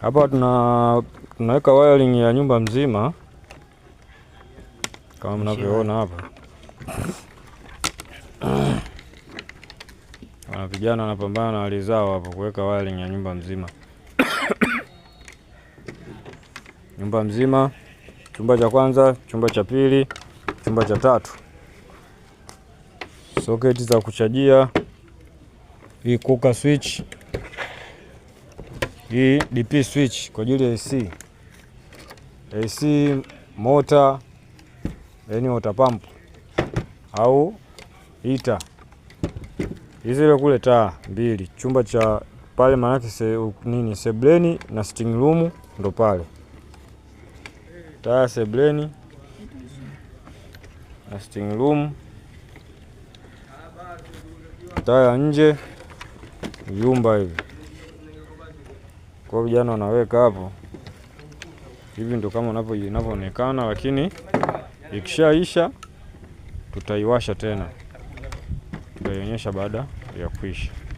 Hapa tuna tunaweka wiring ya nyumba mzima kama mnavyoona hapa. Wana vijana wanapambana na hali zao hapo kuweka wiring ya nyumba mzima. nyumba mzima, chumba cha kwanza, chumba cha pili, chumba cha tatu. Soketi za kuchajia hii kuka switch, hii DP switch kwa ajili ya AC, AC mota, yani water pump au hita hizi ile kule taa mbili, chumba cha pale maanake se, nini sebleni na sitting room ndo pale taa sebleni na sitting room, taa ya nje, vyumba hivi kwa vijana wanaweka hapo hivi, ndo kama inavyoonekana, lakini ikishaisha tutaiwasha tena, tutaionyesha baada ya kuisha.